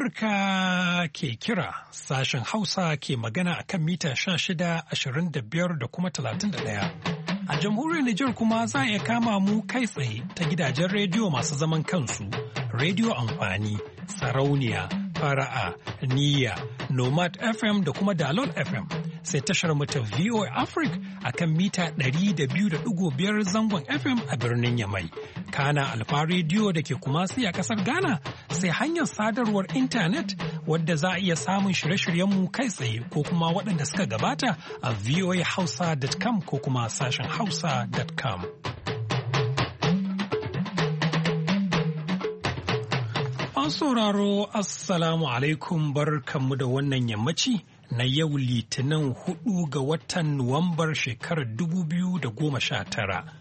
Amurka ke kira sashen Hausa ke magana a kan mita 16,25 da kuma 31. A jamhuriyar Nijar kuma za a kama mu kai tsaye ta gidajen rediyo masu zaman kansu, rediyo amfani, sarauniya, fara'a niyya nomad fm da kuma dalol fm sai tashar mu ta voa africa a kan mita 200.5 zangon fm a birnin yamai kana alfa rediyo da ke kumasi a kasar ghana sai hanyar sadarwar intanet wadda za a iya samun shirye-shiryenmu kai tsaye ko kuma waɗanda suka gabata a voahausa.com ko kuma sashen hausa.com. An sauraro Assalamu alaikum barkanmu da wannan yammaci na yau litinin hudu ga watan Nuwambar shekarar tara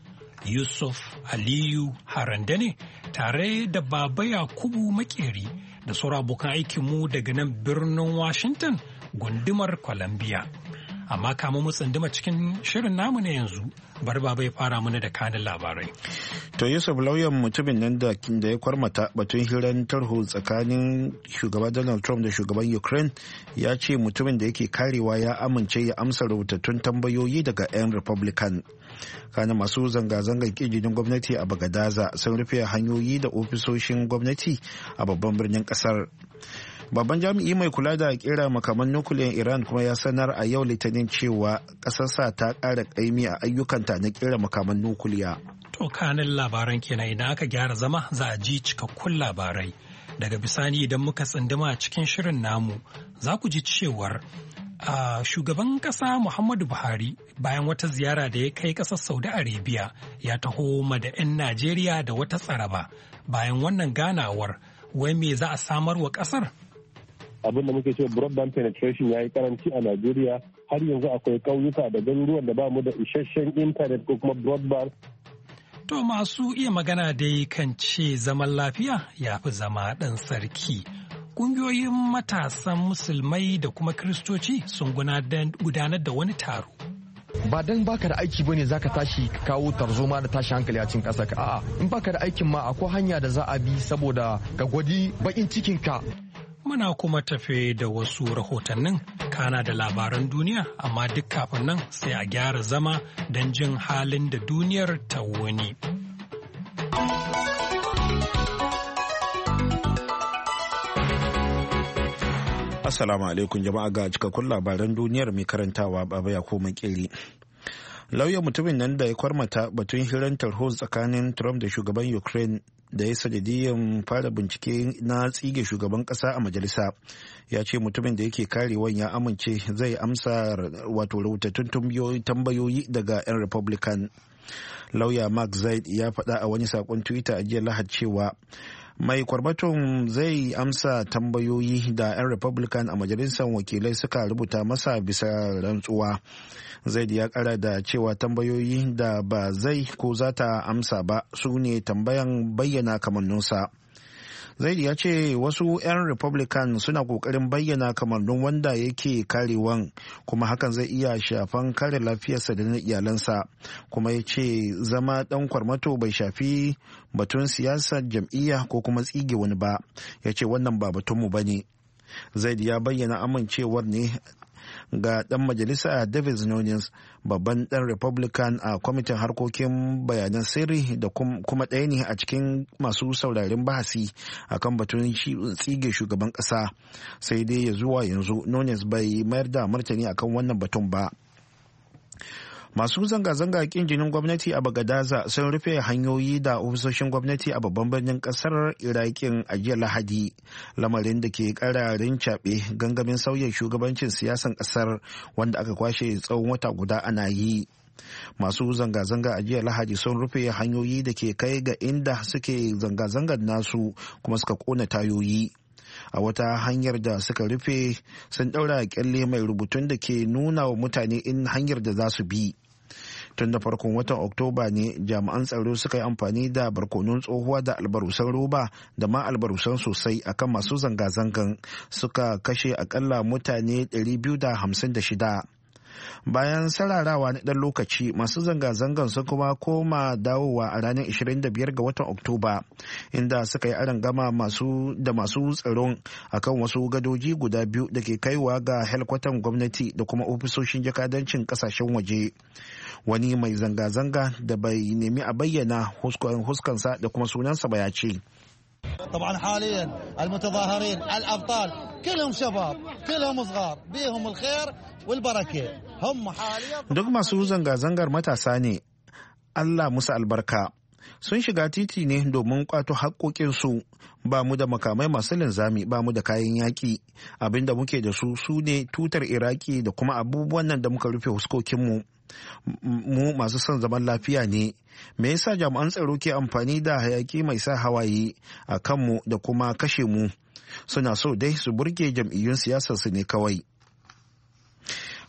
Yusuf Aliyu Harandane tare da Baba Yakubu Makeri da sauran abokan aikinmu daga nan birnin Washington gundumar Columbia. amma kama mu tsunduma cikin shirin namu na yanzu bar baba ya fara mana da kanin labarai. To Yusuf lauyan mutumin nan da ya kwarmata batun hirar tarho tsakanin shugaban Donald Trump da shugaban Ukraine ya ce mutumin da yake karewa ya amince ya amsa rubutattun tambayoyi daga 'yan Republican. Kana masu zanga-zangar kijinin gwamnati a Bagadaza sun rufe hanyoyi da ofisoshin gwamnati a babban birnin kasar. babban jami'i mai kula da kera makaman nukuliyar iran kuma ya sanar a yau litinin cewa ƙasarsa ta ƙara ƙaimi a ayyukanta na kera makaman nukuliya to kanin labaran kenan idan aka gyara zama za a ji cikakkun labarai daga bisani idan muka tsinduma a cikin shirin namu za ku ji cewar Uh, shugaban kasa Muhammadu Buhari bayan wata ziyara da ya kai kasar Saudi Arabia ya taho ma da 'yan Najeriya da wata tsaraba bayan wannan ganawar wai me za a samar wa kasar abin da muke cewa broadband penetration ya yi karanci a Najeriya har yanzu akwai ƙauyuka da garuruwan da ba mu da isasshen intanet ko kuma broadband. To masu iya magana dai kan ce zaman lafiya ya fi zama ɗan sarki. Ƙungiyoyin matasan musulmai da kuma kiristoci sun gudanar da wani taro. ba dan baka da aiki bane zaka tashi kawo tarzoma da tashi hankali a cikin kasa ka a'a in baka da aikin ma akwai hanya da za a bi saboda ka gwadi bakin cikin ka muna kuma tafe da wasu rahotannin kana da labaran duniya amma duk kafin nan sai a gyara zama don jin halin da duniyar ta wani Assalamu alaikum jama'a ga cikakkun labaran duniyar mai karantawa baba ya Makili. Lauyan mutumin nan da ya kwarmata batun hirantar tarho tsakanin Trump da shugaban Ukraine da ya sanadiyan fara bincike na tsige shugaban kasa a majalisa ya ce mutumin da yake karewan ya amince zai amsa wato rautattun tambayoyi daga 'yan republican lauya mark zaid ya faɗa a wani saƙon twitter a jiya lahad cewa mai kwarbaton zai amsa tambayoyi da 'yan republican a majalisar wakilai suka rubuta masa bisa rantsuwa zai ya kara da cewa tambayoyi da ba zai ko zata amsa ba su ne tambayan bayyana kamanninsa zaid ya ce wasu 'yan republican suna kokarin bayyana kamannin wanda yake karewan kuma hakan zai iya shafan kare lafiyarsa da na iyalansa kuma ya ce zama dan kwarmato bai shafi batun siyasar jam'iyya ko kuma tsige wani ba ya ce wannan ba batunmu ba ne zaid ya bayyana amincewar ne ga dan majalisa davis nunes babban dan republican a kwamitin harkokin bayanan sirri da kuma ɗaya ne a cikin masu saurarin bahasi akan batun tsige shugaban ƙasa sai dai ya zuwa yanzu nunes bai mayar da martani akan wannan batun ba masu zanga-zanga kin jinin gwamnati a bagadaza sun rufe hanyoyi da ofisoshin gwamnati a babban birnin kasar irakin a jiya lahadi lamarin da ke kararin caɓe gangamin sauyin shugabancin siyasan kasar wanda aka kwashe tsawon wata guda ana yi masu zanga-zanga a jiya lahadi sun rufe hanyoyi da ke kai ga inda suke zanga-zangar nasu kuma suka kona tayoyi a wata hanyar da suka rufe sun ɗaura kyalle mai rubutun da ke nuna wa mutane in hanyar da za su bi tun da farkon watan oktoba ne jami'an tsaro suka yi amfani da barkonon tsohuwa da albarusan roba da ma albarusan sosai akan masu zanga-zangan suka kashe akalla mutane 256 bayan sararawa na ɗan lokaci masu zanga-zangan sun kuma koma dawowa a ranar 25 ga watan oktoba inda suka yi gama masu da masu tsaron akan wasu gadoji guda biyu da ke kaiwa ga helkwatan gwamnati da kuma ofisoshin jakadancin kasashen waje wani mai zanga-zanga da bai nemi a bayyana huskansa da kuma sunansa ba ya ce طبعا حاليا المتظاهرين الابطال كلهم شباب كلهم صغار بيهم الخير والبركه هم حاليا duk سوزنغا زنغر zangar matasa ne Allah sun shiga titi ne domin kwato haƙoƙinsu ba mu da makamai masu linzami ba mu da kayan yaƙi abinda muke da su su ne tutar iraki da kuma abubuwan nan da muka rufe huskokinmu mu masu son zaman lafiya ne me yasa jami'an tsaro ke amfani da hayaki mai sa hawaye a kanmu da kuma kashe mu suna so dai su burge jam'iyyun siyasarsu ne kawai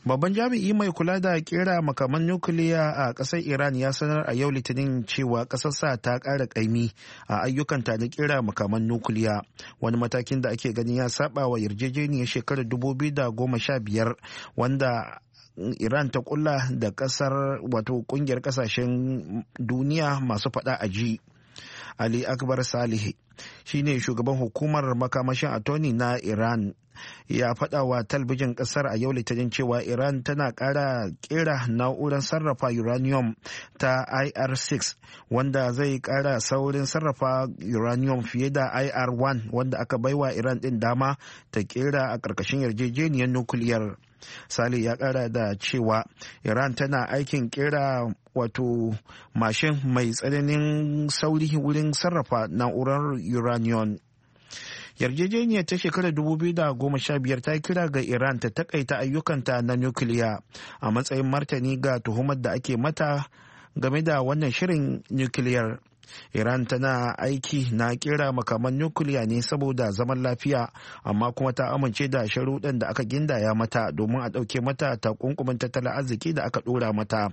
Babban jami'i mai kula da kera makaman nukiliya a ƙasar Iran ya sanar a yau litinin cewa ƙasarsa ta ƙara ƙaimi a ayyukanta da kera makaman nukiliya wani matakin da ake ganin ya saba wa yarjejeniyar shekarar 2015 wanda Iran ta kulla da ƙasar wato ƙungiyar ƙasashen duniya masu faɗa a ji. Ali Akbar shi shine shugaban hukumar makamashin atoni na Iran ya faɗa wa talbijin ƙasar a yau litinin cewa iran tana ƙara ƙera na'urar sarrafa uranium ta ir-6 wanda zai ƙara saurin sarrafa uranium fiye da ir-1 wanda aka baiwa iran ɗin dama ta ƙera a ƙarƙashin yarjejeniyar nukiliyar. sali ya kara da cewa iran tana aikin kera wato mashin mai tsananin sauri wurin sarrafa na'urar uranium yarjejeniyar ta shekarar 2015 ta kira ga iran ta takaita ayyukanta na nukiliya a matsayin martani ga tuhumar da ake mata game da wannan shirin nukiliyar iran tana aiki na kera makaman nukiliya ne saboda zaman lafiya amma kuma ta amince da sharuɗan da aka gindaya mata domin a ɗauke mata ta takunkumin tattalin arziki da aka ɗora mata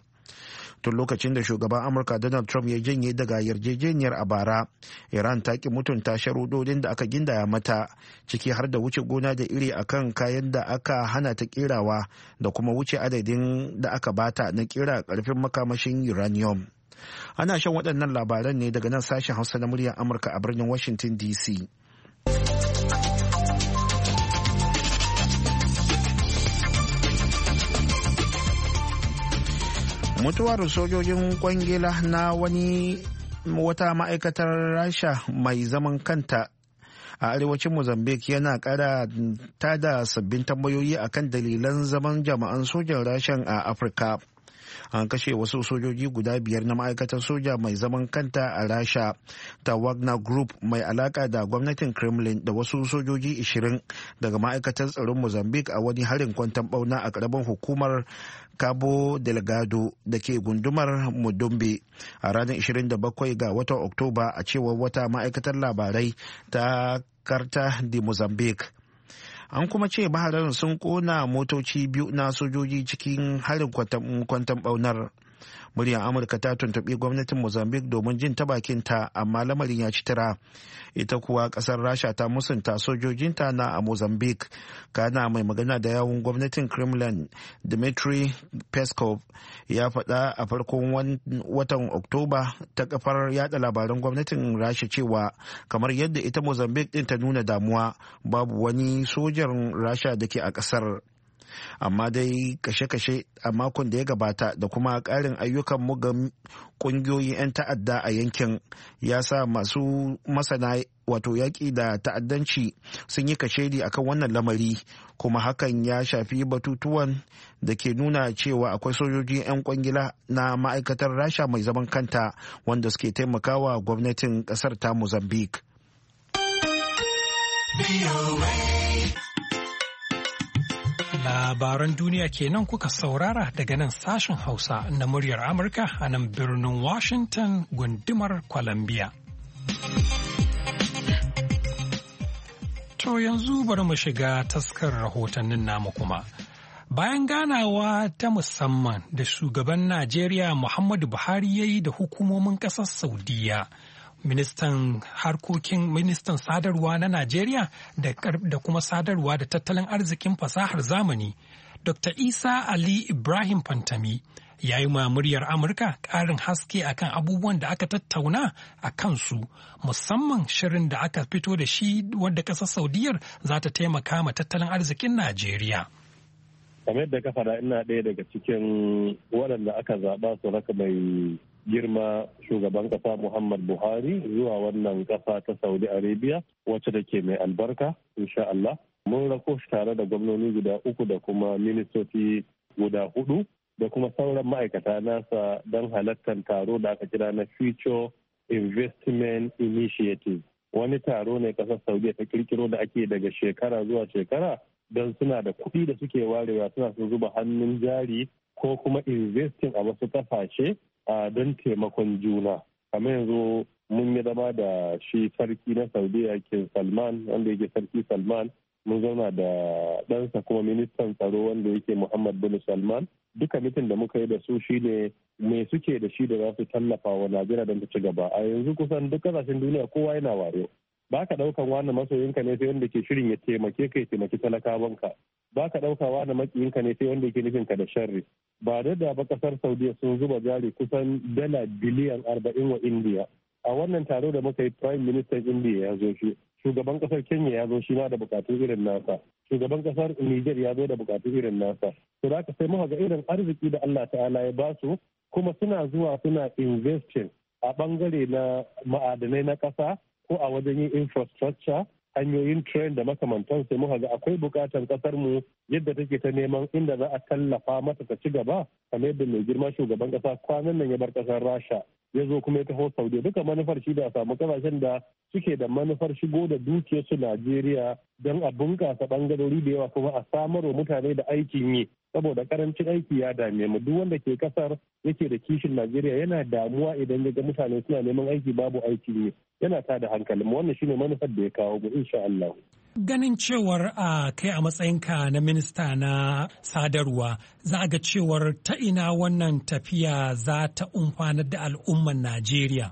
tun lokacin da shugaban amurka donald trump ya janye daga yarjejeniyar a bara iran ta ki mutunta sharudodin da aka gindaya mata ciki har da wuce gona da iri akan kayan da aka hana ta kirawa da kuma wuce adadin da aka bata na kira karfin makamashin uranium ana shan waɗannan labaran ne daga nan sashen hausa na muryar amurka a birnin washington dc mutuwar sojojin kwangila na wani wata ma'aikatar rasha mai zaman kanta a arewacin mozambique yana kara tada sabbin tambayoyi akan dalilan zaman jama'an sojan rashan a afirka an kashe wasu sojoji guda biyar na ma'aikatar soja mai zaman kanta a rasha ta wagner group mai alaka da gwamnatin kremlin da wasu sojoji 20 daga ma'aikatar tsaron mozambique a wani harin kwantan bauna a karamin hukumar cabo delgado da ke gundumar mudumbe a ranar 27 ga watan oktoba a cewar wata ma'aikatar labarai ta karta de mozambique an kuma ce baharar sun kona motoci biyu na sojoji cikin harin kwantan ɓaunar. muryar amurka ta tuntuɓi gwamnatin mozambique domin jin ta bakinta amma lamarin ya ci tira ita kuwa ƙasar rasha ta musunta sojojinta na a mozambique kana mai magana da yawun gwamnatin kremlin dmitry peskov ya faɗa a farkon watan oktoba ta kafar yada labaran gwamnatin rasha cewa kamar yadda ita mozambique ɗin ta nuna damuwa babu wani sojan rasha da ke a ƙasar amma dai kashe-kashe a makon da ya gabata da kuma karin ayyukan mugan ƙungiyoyin 'yan ta'adda a yankin ya sa masu masana wato yaƙi da ta'addanci sun yi kashedi akan wannan lamari kuma hakan ya shafi batutuwan da ke nuna cewa akwai sojoji 'yan kwangila na ma'aikatar rasha mai zaman kanta wanda suke taimakawa gwamnatin ƙasar ta mozambique Labaran duniya kenan kuka saurara daga nan sashen Hausa na muryar Amurka a nan birnin Washington gundumar Columbia. To yanzu bari mu shiga taskar rahotannin namu kuma. Bayan ganawa ta musamman da shugaban Najeriya Muhammadu Buhari ya yi da hukumomin ƙasar Saudiyya. ministan harkokin ministan sadarwa na Najeriya da kuma sadarwa da tattalin arzikin fasahar zamani, Dr. Isa Ali Ibrahim Fantami. ya yi muryar Amurka ƙarin haske akan abubuwan da aka tattauna a kansu musamman shirin da aka fito da shi wadda ƙasar Saudiyar za ta taimaka ma tattalin arzikin Najeriya. kamar yadda ka faɗa ina ɗaya daga cikin waɗanda aka zaɓa su raka mai girma shugaban kasa Muhammad Buhari zuwa wannan kasa ta Saudi Arabia wacce take mai albarka insha Allah. Mun rako shi tare da gwamnoni guda uku da kuma ministoci guda hudu da kuma sauran ma'aikata nasa don halartar taro da aka kira na Future Investment Initiative. Wani taro ne kasar Saudiya ta kirkiro da ake daga shekara zuwa shekara don suna da kuɗi da suke warewa suna su zuba hannun jari ko kuma investing a wasu kasashe don taimakon juna kamar yanzu mun yi zama da shi sarki na saudiya ke salman wanda yake sarki salman mun zauna da ɗansa kuma ministan tsaro wanda yake muhammad bin salman duka mitin da muka yi da su shine me suke da shi da za su tallafa wa najeriya don ta ci gaba a yanzu kusan duk kasashen duniya kowa yana wayo ba ka ɗaukan wani masoyinka ne sai wanda ke shirin ya taimake ka ya taimaki talakawanka ba ka ɗauka wani makiyinka ne sai wanda ke nufin ka da sharri ba da da ba kasar saudiya sun zuba jari kusan dala biliyan arba'in wa indiya a wannan taro da muka yi prime minister indiya ya zo shi shugaban kasar kenya ya zo shi ma da bukatu irin nasa shugaban kasar niger ya zo da bukatu irin nasa to da sai muka ga irin arziki da allah ta'ala ya basu kuma suna zuwa suna investing a bangare na ma'adanai na kasa ko a wajen yin infrastructure hanyoyin train da makamantan sai muka ga akwai bukatan kasar mu yadda take ta neman inda za a tallafa mata ta ci gaba kamar yadda mai girma shugaban kasa kwanan nan ya bar kasar rasha ya zo kuma ya taho saudiya duka manufar shi da a samu kasashen da suke da manufar shigo da dukiyarsu najeriya don a bunkasa bangarori da yawa kuma a samar wa mutane da aikin yi saboda karancin aiki ya dame mu duk wanda ke kasar yake da kishin Najeriya yana damuwa idan ya ga mutane suna neman aiki babu aiki ne yana ta da hankalin wannan shine manufar da ya kawo mu insha Allah ganin cewar a kai a matsayinka na minista na sadarwa za a ga cewar ta ina wannan tafiya za ta umfanar da al'umman Najeriya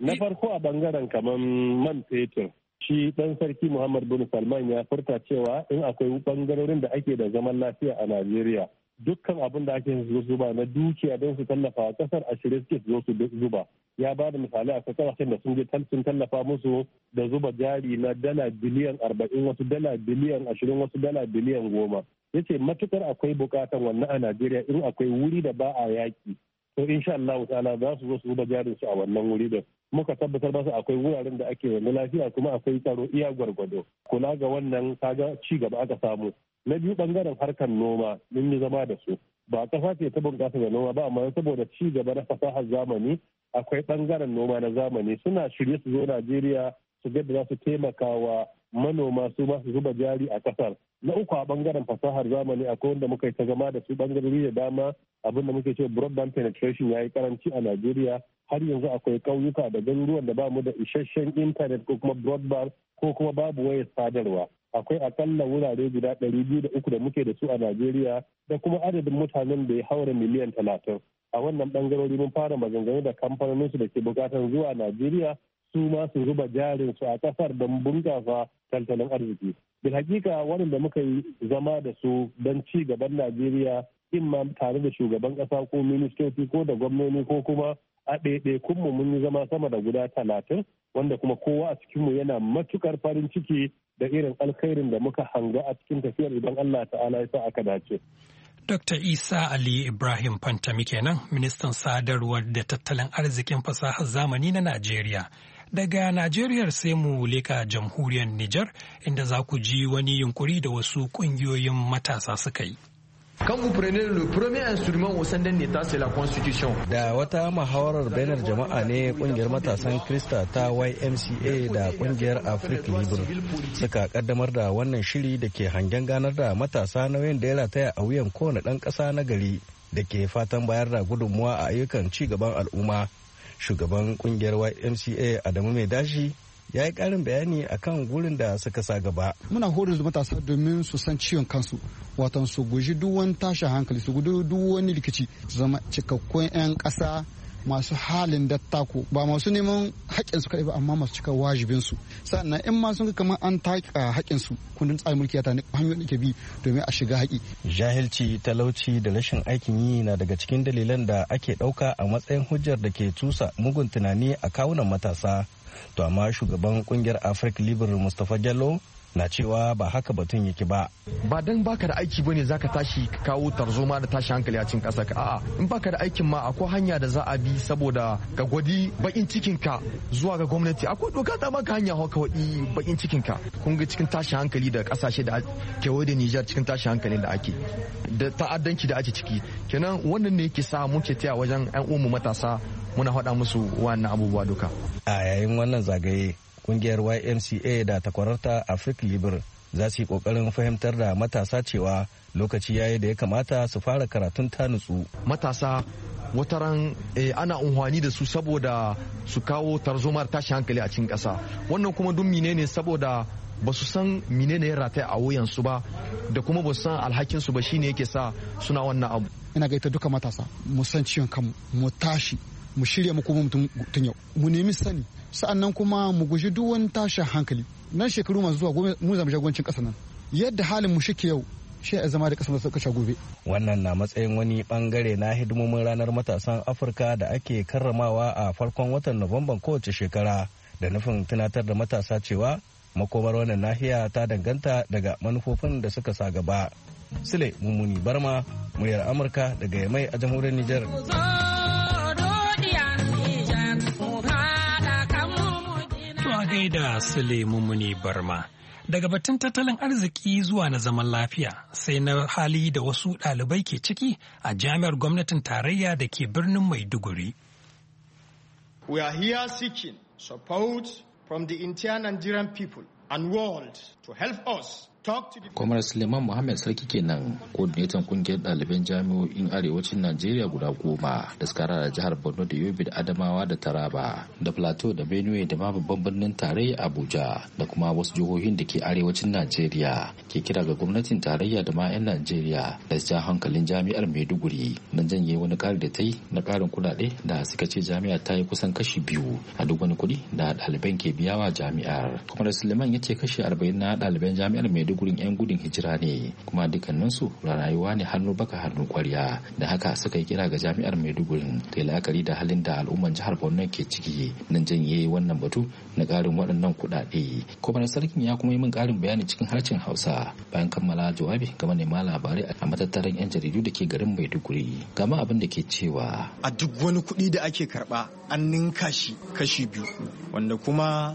na farko a bangaren kamar man fetur shi dan sarki muhammad bin salman ya furta cewa in akwai bangarorin da ake da zaman lafiya a najeriya dukkan abin da ake su zuba na dukiya don su tallafa a kasar a suke zo su zuba ya ba da misali a kasashen da sun je sun tallafa musu da zuba jari na dala biliyan arba'in wasu dala biliyan ashirin wasu dala biliyan goma yace matukar akwai bukatan wannan a najeriya in akwai wuri da ba a yaki to insha Allah ta'ala za su zo su zuba jarin su a wannan wuri da muka tabbatar su akwai wuraren da ake wani lafiya kuma akwai tsaro iya gwargwado kula ga wannan kaga ci gaba aka samu na biyu bangaren harkar noma mun yi zama da su ba kasa ce ta bunƙasa da noma ba amma saboda ci gaba na fasahar zamani akwai bangaren noma na zamani suna shirye su zo Najeriya su da za su taimakawa. manoma su masu zuba jari a kasar na uku a bangaren fasahar zamani akwai wanda muka yi ta zama da su bangarori da dama abin da muke ce broadband penetration ya yi karanci a najeriya har yanzu akwai ƙauyuka da garuruwan da bamu da isasshen intanet ko kuma broadband ko kuma babu wayar sadarwa akwai akalla wurare guda ɗari biyu da uku da muke da su a najeriya da kuma adadin mutanen da ya haura miliyan talatin a wannan bangarori mun fara maganganu da kamfanoninsu da ke bukatar zuwa najeriya su ma su zuba jarin su a kasar don bunkasa tattalin arziki. Bil hakika waɗanda muka yi zama da su don ci gaban Najeriya in ma tare da shugaban ƙasa ko ministoci ko da gwamnoni ko kuma a ɗaiɗaikunmu mun yi zama sama da guda talatin wanda kuma kowa a cikinmu yana matukar farin ciki da irin alkhairin da muka hanga a cikin tafiyar idan Allah ta'ala ya sa aka dace. Dr. Isa Ali Ibrahim Fantami kenan ministan sadarwar da tattalin arzikin fasahar zamani na Najeriya Daga Najeriya sai mu leka jamhuriyar Nijar inda za ku ji wani yunkuri da wasu ƙungiyoyin matasa suka yi. Quand vous prenez le premier instrument au sein d'un État, c'est la Constitution. Da wata muhawarar bainar jama'a ne kungiyar matasan Krista ta YMCA da kungiyar Africa Libre suka kaddamar da wannan shiri da ke hangen ganar da matasa nauyin da ya rataya a wuyan kowane ɗan ƙasa na gari da ke fatan bayar da gudunmuwa a ayyukan ci gaban al'umma shugaban kungiyar ymca adamu mai dashi ya yi karin bayani akan gurin da suka sa gaba muna horar da matasa domin su san ciwon kansu watan su guji duk tashin hankali su guji duk wani rikici zama cikakkun 'yan ƙasa masu halin dattako ba masu neman haƙƙinsu kaɗai ba amma masu cika wajibinsu sannan in ma sun kamar an taƙa ah, haƙƙinsu kundin tsarin mulki ya hanyoyin da ke bi domin a shiga haƙi. jahilci talauci da rashin aikin yi na daga cikin dalilan da ake ɗauka a matsayin hujjar da ke tusa mugun tunani a kawunan matasa to amma shugaban kungiyar africa liberal mustapha jallo na cewa ba haka batun yake ba. Ba dan baka da aiki bane zaka tashi ka kawo tarzoma da tashi hankali a cikin kasa ka. A'a in baka da aikin ma akwai hanya da za a bi saboda ka gwadi bakin cikin ka zuwa ga gwamnati akwai doka ta maka hanya ka wadi bakin cikin ka. Kun ga cikin tashi hankali da kasashe da Ke da Niger cikin tashi hankali da ake da ta'addanci da ake ciki. Kenan wannan ne yake sa ce taya wajen 'yan uwanmu matasa muna faɗa musu wannan abubuwa duka. A yayin wannan zagaye kungiyar ymca da takwararta afrik libre za su yi kokarin fahimtar da matasa cewa lokaci yayi da ya kamata su fara karatun ta nutsu matasa wata ran eh, ana unhwani da su saboda su kawo tarzomar tashi hankali a cikin ƙasa wannan kuma dun ne saboda ba su san mine ya ratai a wuyansu ba da kuma ba su san alhakinsu ba shine yake sa suna wannan abu ina ga ita duka matasa mu san ciwon kanmu mu tashi mu shirya mu kuma mutum yau mu nemi sani sa'annan kuma mu guji duk wani tashin hankali nan shekaru masu zuwa mu zama jagorancin ƙasa nan yadda halin mu shike yau shi a zama da kasa da kashe gobe. Wannan na matsayin wani bangare na hidimomin ranar matasan Afirka da ake karramawa a farkon watan Nuwamban kowace shekara da nufin tunatar da matasa cewa makomar wannan nahiya ta danganta daga manufofin da suka sa gaba. Sule Mummuni Barma, muryar Amurka daga Yamai a jamhuriyar Nijar. gaida Suleiman Muni Barma. Daga batun tattalin arziki zuwa na zaman lafiya sai na hali da wasu ɗalibai ke ciki a jami'ar gwamnatin tarayya da ke birnin Maiduguri. We are here seeking support from the entire Nigerian people and world to help us Kwamar Suleiman Muhammad Sarki kenan coordinator kungiyar ɗaliban jami'o'in arewacin Najeriya guda goma da suka da jihar Borno da Yobe da Adamawa da Taraba da Plateau da Benue da ma babban birnin tarayya Abuja da kuma wasu jihohin da ke arewacin Najeriya ke kira ga gwamnatin tarayya da ma 'yan Najeriya da su ja hankalin jami'ar Maiduguri don janye wani ƙari da ta yi na ƙarin kuɗaɗe da suka ce jami'a ta yi kusan kashi biyu a duk wani kuɗi da ɗaliban ke biyawa jami'ar. Kwamar Suleiman ya ce kashi arba'in na ɗaliban jami'ar Maiduguri gurin yan gudun hijira ne kuma dukkaninsu rayuwa ne hannu baka hannu kwarya da haka suka yi kira ga jami'ar maiduguri ta yi la'akari da halin da al'umman jihar borno ke ciki nan janye wannan batu na ƙarin waɗannan kuɗaɗe kuma sarkin ya kuma yi min ƙarin bayani cikin harshen hausa bayan kammala jawabi ga manema labarai a matattaran yan jaridu da ke garin maiduguri gama abin da ke cewa a duk wani kuɗi da ake karɓa an ninka shi kashi biyu wanda kuma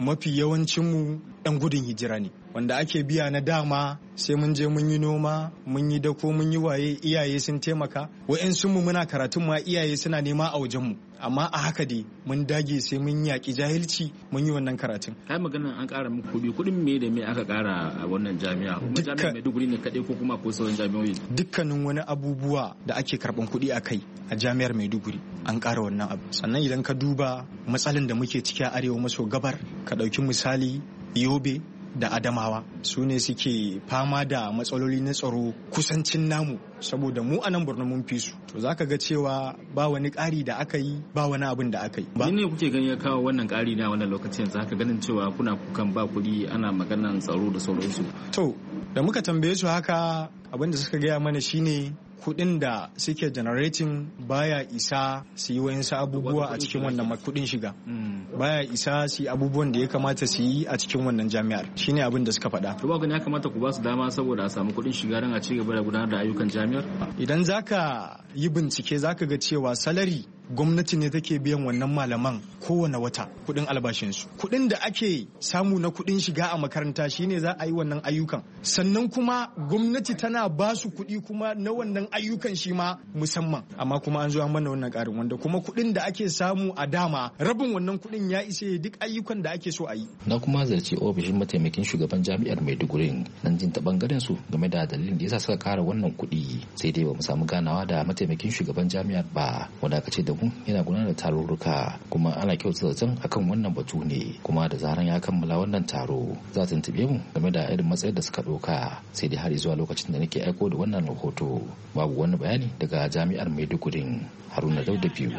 mafi yawancinmu 'yan gudun hijira ne wanda ake biya na dama sai mun je mun yi noma mun yi dako mun yi waye iyaye sun taimaka wa'yansu mu muna karatun ma iyaye suna nema a wajenmu amma a haka dai mun dage sai mun yaƙi jahilci mun yi wannan karatun. Kai magana an ƙara muku kuɗi kuɗin me da me aka ƙara a wannan jami'a? Kuma jami'a Maiduguri ne kaɗai ko kuma ko sauran jami'o'i? Dukkanin wani abubuwa da ake karɓan kuɗi a kai a jami'ar Maiduguri an ƙara wannan abu. Sannan idan ka duba matsalin da muke ciki a arewa maso gabar ka ɗauki misali Yobe da adamawa su ne suke fama da matsaloli na tsaro kusancin namu saboda mu anan nan borno mun fi su to zaka ga cewa ba wani ƙari da aka yi ba wani abin da aka yi ba ne kuke gani ya kawo wannan ƙari na wannan lokacin zaka ganin cewa kuna kukan ba kuɗi ana maganan tsaro da sauransu to da muka tambaye su haka abin da suka gaya mana shine Kudin da suke generating baya isa su yi wayansu abubuwa a cikin wannan kuɗin shiga mm. baya isa su yi abubuwan da ya kamata su yi a cikin wannan jami'ar shine abin da suka faɗa to ba ya kamata ku ba su dama saboda a samu kuɗin shiga don a ci gaba da gudanar da ayyukan jami'ar idan zaka yi bincike zaka ga cewa salari gwamnati ne take biyan wannan malaman kowane wata kuɗin albashinsu kudin da ake samu na kudin shiga a makaranta shine za a yi wannan ayyukan sannan kuma gwamnati tana ba su kuɗi kuma na wannan ayyukan shi ma musamman amma kuma an zo an mana wannan karin wanda kuma kudin da ake samu a dama rabin wannan kudin ya isa duk ayyukan da ake so a yi na kuma zarce ofishin mataimakin shugaban jami'ar maiduguri nan jin ta bangaren su game da dalilin da yasa suka kara wannan kuɗi sai dai ba mu samu ganawa da mataimakin shugaban jami'ar ba wanda aka Shegu yana gudanar da tarurruka kuma ana kyautata zaton akan wannan batu ne kuma da zaran ya kammala wannan taro za ta tuntube mu game da irin matsayin da suka ɗauka sai dai har zuwa lokacin da nake aiko da wannan rahoto babu wani bayani daga jami'ar Maiduguri Haruna Dauda biyu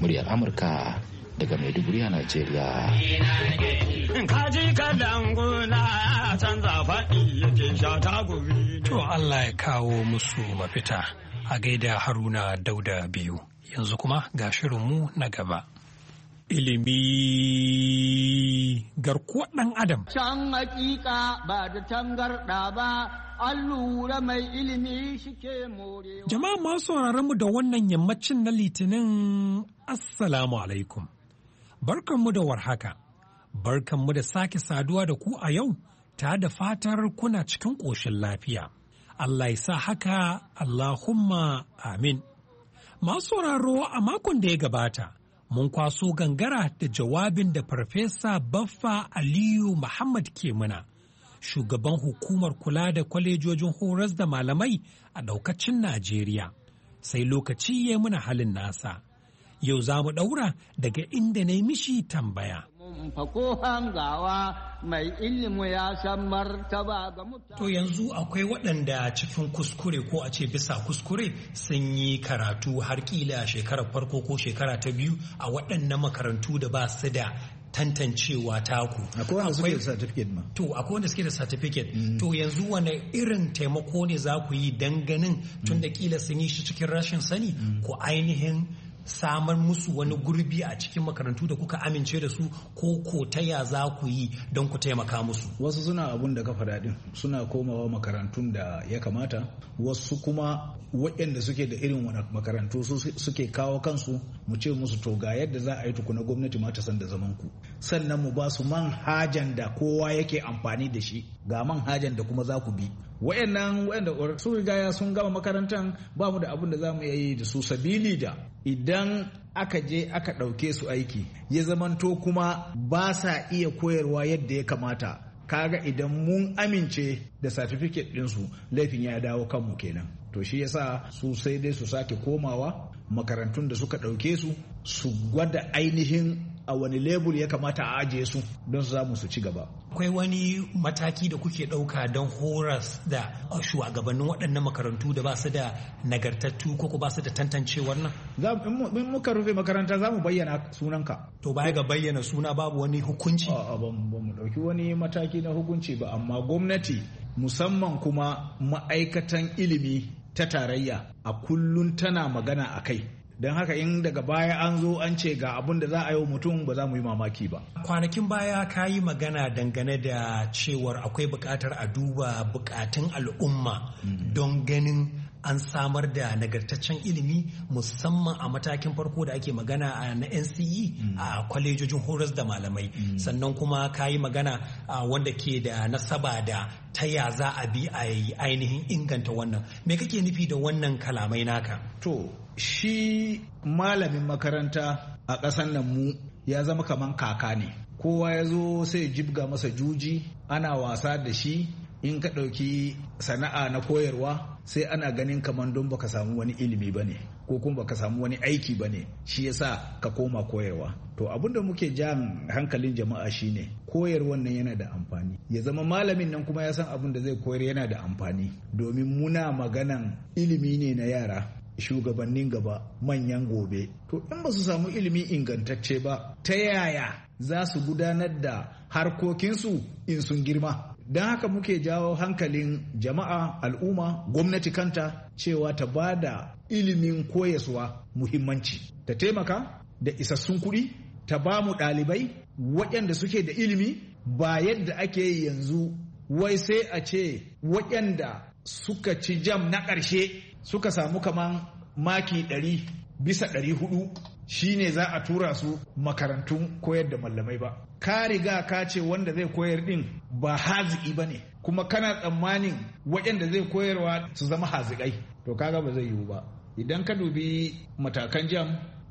muryar Amurka daga Maiduguri a Najeriya. Kaji To Allah ya kawo musu mafita a gaida Haruna Dauda biyu. yanzu kuma ga shirinmu na gaba. Ilimi garkuwa ɗan Adam. Can hakika ba da tangarɗa ba, an lura mai ilimi shi ke morewa. Jama'a masu mu da wannan yammacin na litinin Assalamu alaikum. Barkanmu da warhaka, barkanmu da sake saduwa da ku a yau, ta da fatar kuna cikin ƙoshin lafiya. Allah ya sa haka, Allahumma amin. Masu sauraro a makon da ya gabata, mun kwaso gangara da jawabin da Farfesa Baffa Aliyu Muhammad ke muna, shugaban hukumar kula da kwalejojin horas da malamai a ɗaukacin Najeriya. Sai lokaci ya yi muna halin nasa. Yau za mu ɗaura daga inda na yi mishi tambaya. mai ilimu ya san martaba ga mutane. To yanzu akwai waɗanda cikin kuskure ko a ce bisa kuskure sun yi karatu har kila shekarar farko ko shekara ta biyu a waɗannan makarantu da ba su da tantancewa taku. Akwai wanda suke da satifiket. ma. To, akwai wanda suke da certificate. Mm. To, yanzu wane irin taimako ne za ku yi danganin tun da kila mm. sun yi shi cikin rashin sani mm. ko ainihin samar musu wani gurbi a cikin makarantu da kuka amince da su ko ko ta ya za ku yi don ku taimaka musu wasu suna abun da kafa daɗin suna komawa makarantun da ya kamata wasu kuma waɗanda suke da irin wani makarantu suke kawo kansu mu ce musu to ga yadda za a yi tukuna gwamnati ma ta san da zaman ku sannan mu ba su manhajan da kowa yake amfani da shi ga man hajan da kuma za ku bi wayannan wayanda sun rigaya sun gama makarantan ba mu da abun da za mu yi da su sabili da idan aka je aka ɗauke su aiki ya zamanto kuma ba sa iya koyarwa yadda ya kamata kaga idan mun amince da certificate ɗinsu laifin ya dawo kanmu kenan to shi yasa su sai dai su sake komawa makarantun da suka ɗauke su su gwada ainihin a wani lebul ya kamata a ajiye su don su samu su ci gaba. Akwai wani mataki da kuke ɗauka don horas da shugabannin waɗannan makarantu da ba su da nagartattu ko ba su da tantancewar nan? In muka rufe makaranta za mu bayyana sunanka. To baya ga bayyana suna babu wani hukunci? ba mu ɗauki wani mataki na hukunci ba amma gwamnati musamman kuma ma'aikatan ilimi ta tarayya a kullun tana magana a kai don haka in daga baya an zo an ce ga abun da za a yi wa mutum ba za mu yi mamaki ba kwanakin baya ka yi magana dangane da cewar akwai bukatar a duba bukatun al'umma mm-hmm. don ganin an samar da nagartaccen ilimi musamman a matakin farko da ake magana a na NCE mm. a kwalejojin horas da malamai mm. sannan kuma ka yi magana a wanda ke da nasaba da ta ya za a bi a yi ainihin inganta wannan me kake nufi da wannan kalamai naka to shi malamin makaranta a ƙasan nan mu ya zama kamar kaka ne kowa ya zo sai jibga masa juji ana wasa da shi in ka ɗauki sana'a na koyarwa sai ana ganin kamar don baka samu wani ilimi ba ne ko kuma baka samu wani aiki ba ne shi yasa ka koma koyarwa to abin da muke jan hankalin jama'a shine koyarwan nan yana da amfani ya zama malamin nan kuma ya san abin da zai koyar yana da amfani domin muna maganan ilimi ne na yara shugabannin gaba manyan gobe to in ba su samu ilimi ingantacce ba ta yaya za su gudanar da harkokinsu in sun girma don haka muke jawo hankalin jama'a al'umma gwamnati kanta cewa ta ba da ilimin koyaswa muhimmanci ta taimaka da isassun kuɗi ta ba mu ɗalibai waɗanda suke da ilimi ba yadda ake yanzu wai sai a ce waɗanda suka ci jam na ƙarshe suka samu kaman maki ɗari bisa ɗari hudu shine za a tura su makarantun koyar da mallamai ba ka riga ka ce wanda zai koyar din ba haziƙi ba ne kuma kana tsammanin waɗanda zai koyarwa su zama haziƙai to kaga ba zai yiwu ba idan ka dubi matakan jam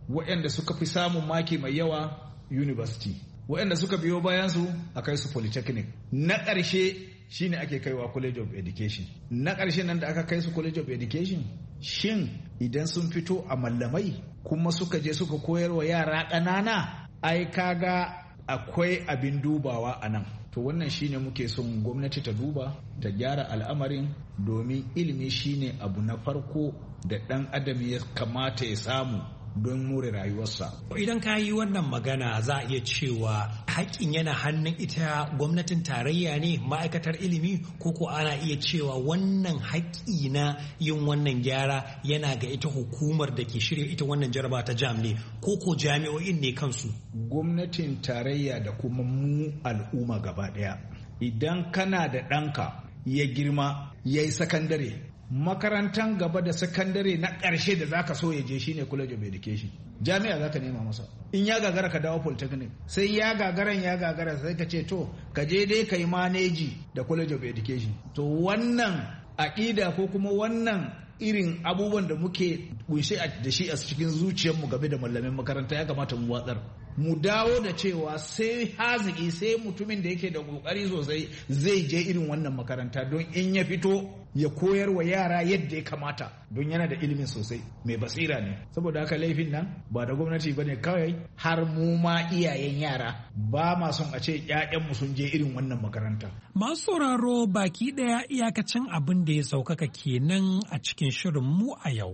waɗanda suka fi samun maki mai yawa university waɗanda suka biyo bayansu a kai su polytechnic na ƙarshe shine ake kaiwa college of education na ƙarshe nan da aka kai su college of education shin idan sun fito a mallamai kuma suka je suka koyarwa yara ƙanana ai kaga akwai abin dubawa a nan to wannan shine muke son gwamnati ta duba ta gyara al'amarin domin ilimi shine abu na farko da ɗan adam ya kamata ya samu don more rayuwarsa. Idan ka yi wannan magana za a iya cewa haƙƙin yana hannun ita gwamnatin tarayya ne ma'aikatar ilimi ko ko ana iya cewa wannan haƙƙi na yin wannan gyara yana ga ita hukumar da ke shirya ita wannan jaraba ta jam ne ko ko jami'o'in ne kansu. Gwamnatin tarayya da kuma mu al'umma gaba ɗaya. Idan kana da ɗanka ya girma ya yi sakandare makarantan gaba da sakandare na ƙarshe da zaka so ya je shine college of education jami'a zaka nema masa in ya gagara ka dawo polytechnic sai ya gagaran ya gagara sai ka ce to ka je dai ka yi maneji da college of education to wannan aƙida ko kuma wannan irin abubuwan da muke kunshe da shi a cikin zuciyarmu game da mallamin makaranta ya kamata mu watsar mu dawo da cewa sai haziki sai mutumin da yake da kokari sosai zai je irin wannan makaranta don in ya fito ya koyar wa yara yadda ya kamata don yana da ilimin sosai mai basira ne saboda haka laifin nan ba da gwamnati ba ne kawai har mu ma iyayen yara ba ma son a ce 'ya'yan mu sun je irin wannan makaranta masu sauraro baki daya iyakacin abin da ya saukaka kenan a cikin shirin mu a yau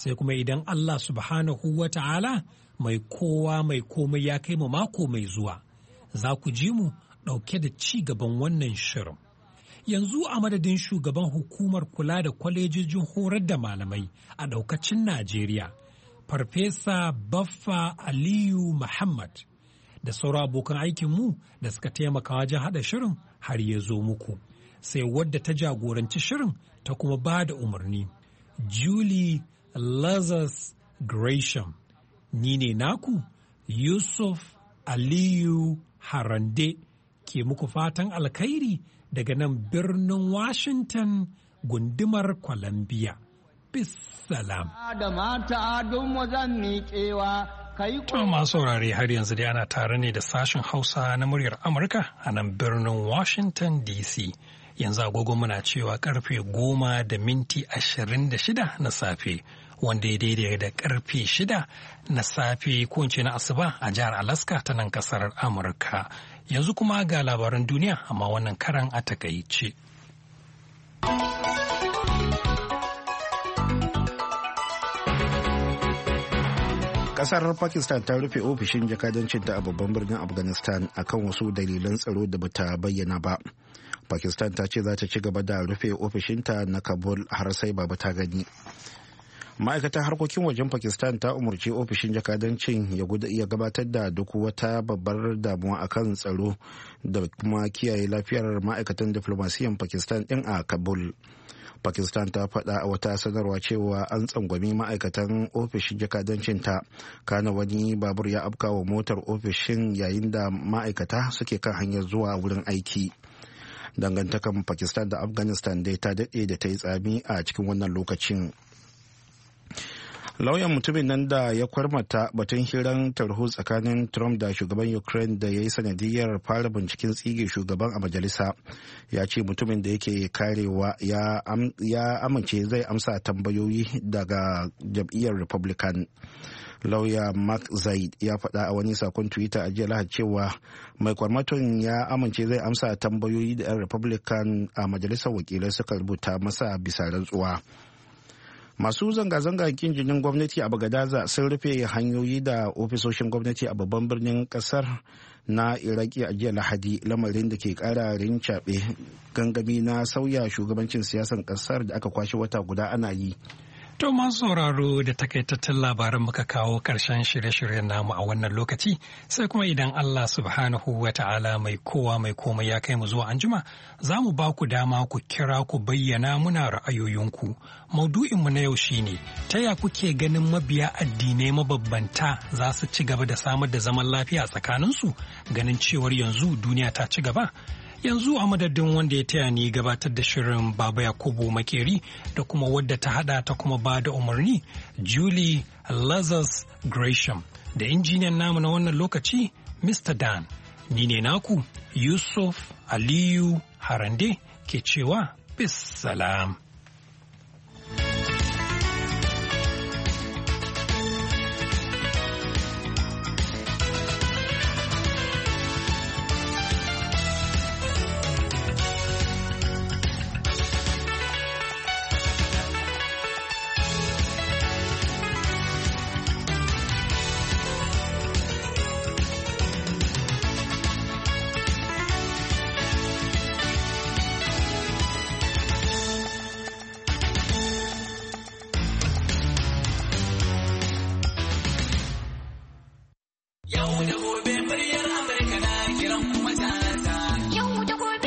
sai kuma idan allah subhanahu wa ta'ala mai kowa mai komai ya kai mu mako mai zuwa za ku ji mu ɗauke da ci gaban wannan shirin. Yanzu a madadin shugaban hukumar kula da kwalejojin horar da malamai a ɗaukacin Najeriya, Farfesa Baffa Aliyu Muhammad da sauran abokan aikinmu da suka taimaka wajen haɗa shirin har ya zo muku. Sai wadda ta jagoranci shirin ta kuma ba da umarni. Julie Lazarus Gresham. ni ne naku Yusuf Aliyu Harande ke muku fatan alkhairi daga nan birnin Washington gundumar Columbia. Bis salam. To masu saurare har yanzu dai ana tare ne da sashen Hausa na muryar Amurka a nan birnin Washington DC. Yanzu agogo muna cewa karfe goma da minti ashirin da shida na safe. wanda ya daidai da karfe shida na safe ko ce na asuba a jihar alaska ta nan kasar amurka yanzu kuma ga labaran duniya amma wannan karan a takaice. kasar pakistan ta rufe ofishin jakadancin a babban birnin afghanistan kan wasu dalilan tsaro da bata bayyana ba pakistan ta ce za ta ci gaba da rufe ofishinta na kabul har sai baba ta gani ma'aikatar harkokin wajen pakistan ta umarci ofishin jakadancin ya gabatar da duk wata babbar damuwa akan tsaro da kuma kiyaye lafiyar ma'aikatan diflomasiyan pakistan din a kabul pakistan ta faɗa a wata sanarwa cewa an tsangwami ma'aikatan ofishin jakadancin ta kana wani babur ya afka wa motar ofishin yayin da ma'aikata suke kan hanyar zuwa wurin aiki dangantakan pakistan da afghanistan dai ta daɗe da ta yi tsami a cikin wannan lokacin lauyan mutumin nan da ya kwarmata batun hirar tarho tsakanin trump da shugaban ukraine da ya yi sanadiyar fara binciken tsige shugaban a majalisa ya ce mutumin da yake karewa ya amince zai amsa tambayoyi daga jam'iyyar republican lauya mark zaid ya faɗa a wani sakon twitter a jiya cewa mai kwarmaton ya amince zai amsa tambayoyi da 'yan republican a majalisar wakilai suka rubuta masa bisa rantsuwa. masu zanga-zanga kin jinin gwamnati a bagadaza sun rufe hanyoyi da ofisoshin gwamnati a babban birnin kasar na iraki a jiya lahadi lamarin da ke kara rincaɓe gangami na sauya shugabancin siyasan kasar da aka kwashe wata guda ana yi To masu sauraro da takaitattun labaran muka kawo ƙarshen shirye-shiryen namu a wannan lokaci sai kuma idan Allah subhanahu wa ta'ala mai kowa mai komai ya kai mu zuwa anjima za mu ba ku dama ku kira ku bayyana muna ra'ayoyinku. Maudu'inmu na yau shi ne ta ya kuke ganin mabiya addinai mababbanta za su ci gaba da samar da zaman lafiya tsakaninsu ganin cewar yanzu duniya ta ci gaba. yanzu a madadin wanda ya taya ni gabatar da shirin baba yakubu makeri da kuma wadda ta hada ta kuma ba da umarni julie lazarus gresham da injiniyan namu na wannan lokaci mr dan ni ne naku yusuf aliyu harande ke cewa bis salam